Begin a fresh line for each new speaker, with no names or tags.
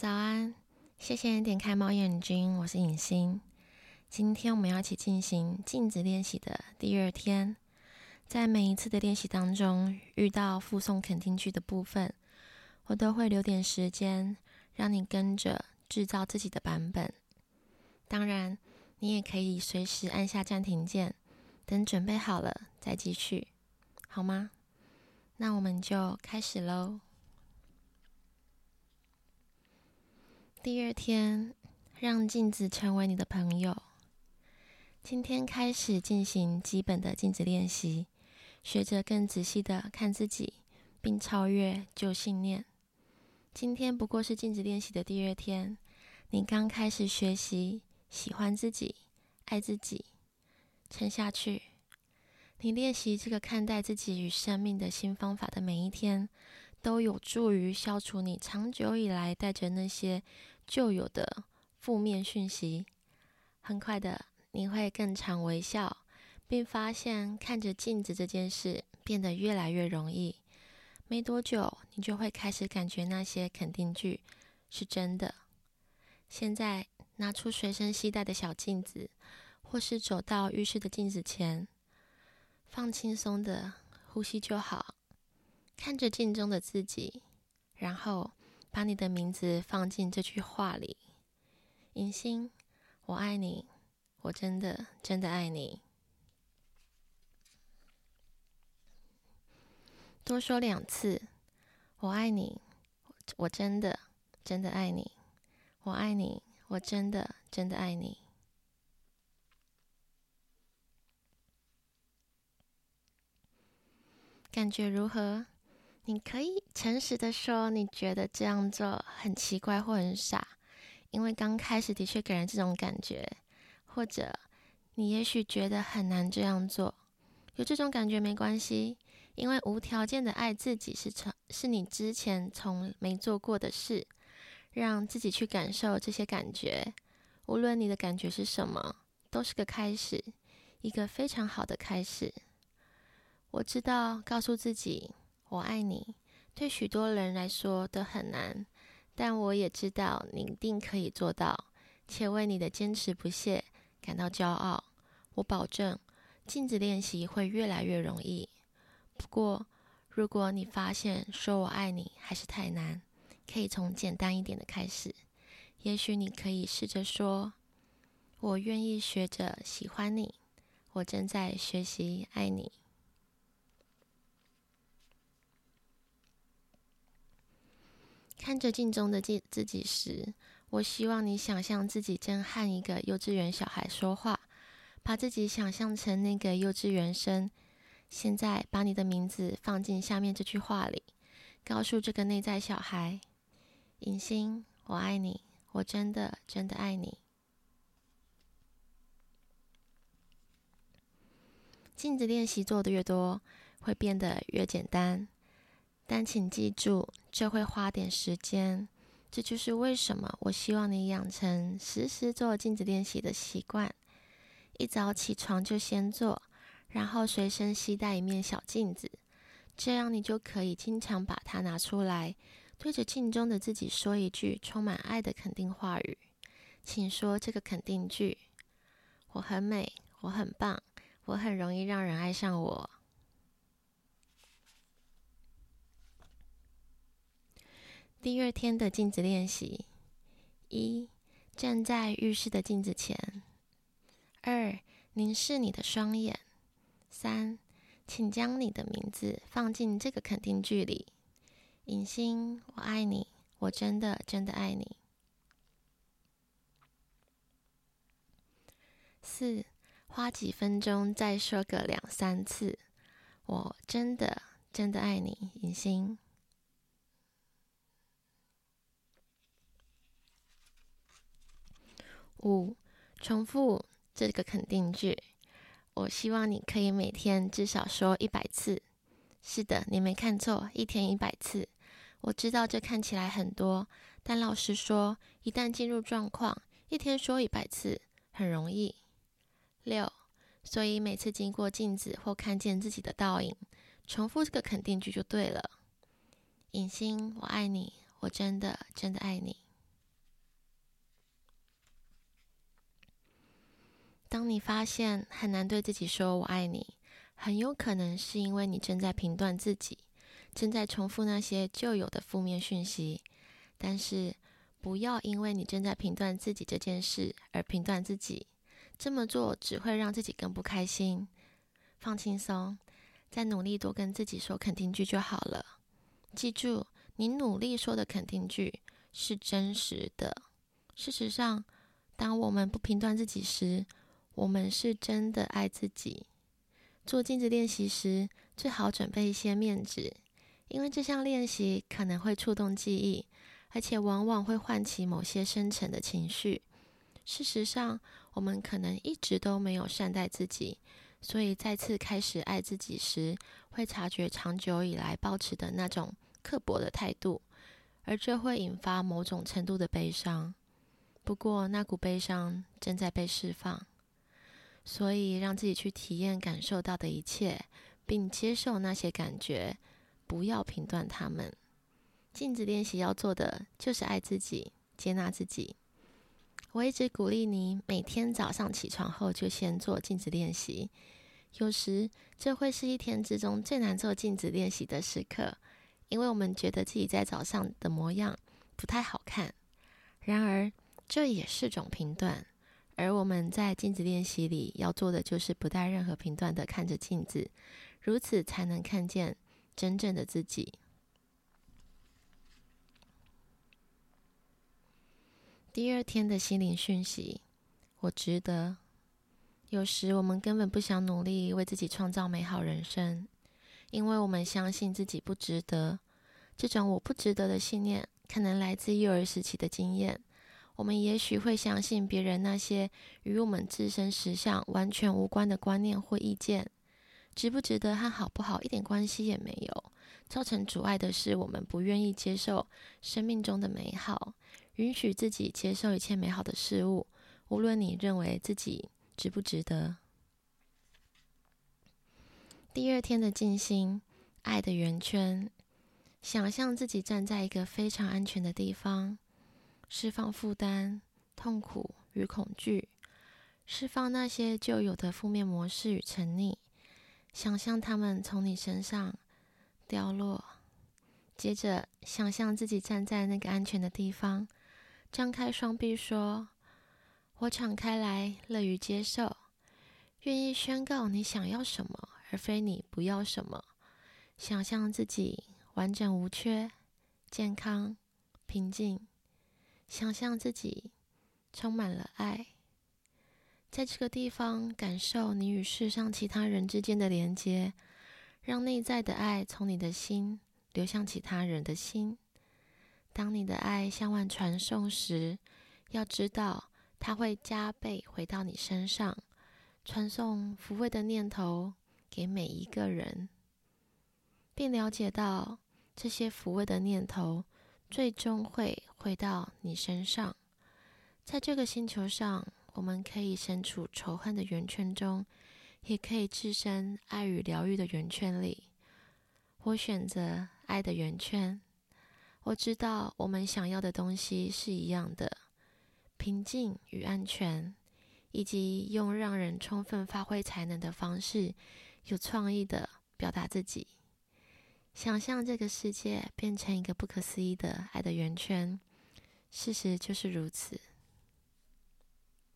早安，謝謝你點開貓眼睛，我是影星。今天我們要一起進行鏡子練習的第二天，在每一次的練習當中，遇到複誦肯定句的部分，我都會留點時間讓你跟着製造自己的版本。當然，你也可以隨時按下暫停鍵，等準備好了再繼續，好嗎？那我們就開始嘍。第二天，讓鏡子成為你的朋友。今天開始進行基本的鏡子練習，學着更仔細地看自己，並超越舊信念。今天不過是鏡子練習的第二天，你剛開始學習喜歡自己、愛自己、撐下去。你練習這個看待自己與生命的新方法的每一天，都有助於消除你長久以來帶着那些舊有的負面訊息。很快的，你會更常微笑，並發現看着鏡子這件事變得越來越容易。沒多久，你就會開始感覺那些肯定句是真的。現在拿出隨身攜帶的小鏡子，或是走到浴室的鏡子前，放輕鬆的呼吸就好。看着鏡中的自己，然後把你的名字放進這句話裡：“銀心，我愛你，我真的真的愛你。”多說兩次：“我愛你，我真的真的愛你。”我愛你，我真的真的愛你。感覺如何？你可以誠實的說，你覺得這樣做很奇怪或很傻，因為剛開始的確給人這種感覺。或者，你也許覺得很難這樣做。有這種感覺沒關係，因為無條件的愛自己是成是你之前從沒做過的事。讓自己去感受這些感覺，無論你的感覺是什麼，都是個開始，一個非常好的開始。我知道，告訴自己。我愛你，對許多人來說都很難，但我也知道你一定可以做到，且為你的堅持不懈感到驕傲。我保證，鏡子練習會越來越容易。不過，如果你發現說我愛你還是太難，可以從簡單一點的開始。也許你可以試着說：“我願意學着喜歡你，我正在學習愛你。”看着鏡中的自己時，我希望你想象自己正和一個幼稚園小孩說話，把自己想象成那個幼稚園生。現在把你的名字放進下面這句話裡，告訴這個內在小孩：“影星，我愛你，我真的真的愛你。”鏡子練習做的越多，會變得越簡單。但請記住，這會花點時間。這就是為什麼我希望你養成時時做鏡子練習的習慣。一早起床就先做，然後隨身攜帶一面小鏡子，這樣你就可以經常把它拿出來，對着鏡中的自己說一句充滿愛的肯定話語。請說這個肯定句：我很美，我很棒，我很容易讓人愛上我。第二天的鏡子練習：一、站在浴室的鏡子前；二、凝視你的雙眼；三、請將你的名字放進這個肯定句裡：“尹星，我愛你，我真的真的愛你。”四、花幾分鐘再說個兩三次：“我真的真的愛你，尹星。”五，重複這個肯定句。我希望你可以每天至少說一百次。是的，你沒看錯，一天一百次。我知道這看起來很多，但老實說，一旦進入狀況，一天說一百次很容易。六，所以每次經過鏡子或看見自己的倒影，重複這個肯定句就對了。尹星，我愛你，我真的真的愛你。當你發現很難對自己說“我愛你”，很有可能是因為你正在評斷自己，正在重複那些舊有的負面訊息。但是，不要因為你正在評斷自己這件事而評斷自己，這麼做只會讓自己更不開心。放輕鬆，再努力多跟自己說肯定句就好了。記住，你努力說的肯定句是真實的。事實上，當我們不評斷自己時，我們是真的愛自己。做鏡子練習時，最好準備一些面紙，因為這項練習可能會觸動記憶，而且往往會喚起某些深層的情緒。事實上，我們可能一直都沒有善待自己，所以再次開始愛自己時，會察覺長久以來抱持的那種刻薄的態度，而這會引發某種程度的悲傷。不過，那股悲傷正在被釋放。所以，讓自己去體驗、感受到的一切，並接受那些感覺，不要評斷它們。鏡子練習要做的就是愛自己、接納自己。我一直鼓勵你每天早上起床後就先做鏡子練習，有時這會是一天之中最難做鏡子練習的時刻，因為我們覺得自己在早上的模樣不太好看。然而，這也是種評斷。而我們在鏡子練習裡要做的，就是不帶任何評斷的看着鏡子，如此才能看見真正的自己。第二天的心靈訊息：我值得。有時我們根本不想努力為自己創造美好人生，因為我們相信自己不值得。這種我不值得的信念，可能來自幼兒時期的經驗。我們也許會相信別人那些與我們自身實相完全無關的觀念或意見，值不值得和好不好一點關係也沒有。造成阻礙的是我們不願意接受生命中的美好，允許自己接受一切美好的事物，無論你認為自己值不值得。第二天的靜心，愛的圓圈，想象自己站在一個非常安全的地方。釋放負擔、痛苦與恐懼，釋放那些舊有的負面模式與沉溺。想象他們從你身上掉落，接着想象自己站在那個安全的地方，張開雙臂，說：“我敞開來，樂於接受，願意宣告你想要什麼，而非你不要什麼。”想象自己完整無缺、健康、平靜。想象自己充滿了愛，在這個地方感受你與世上其他人之間的連接，讓內在的愛從你的心流向其他人的心。當你的愛向外傳送時，要知道它會加倍回到你身上，傳送撫慰的念頭給每一個人，並了解到這些撫慰的念頭最終會回到你身上，在這個星球上，我們可以身處仇恨的圓圈中，也可以置身愛與療癒的圓圈裡。我選擇愛的圓圈。我知道我們想要的東西是一樣的，平靜與安全，以及用讓人充分發揮才能的方式，有創意的表達自己。想象這個世界變成一個不可思議的愛的圓圈。事實就是如此。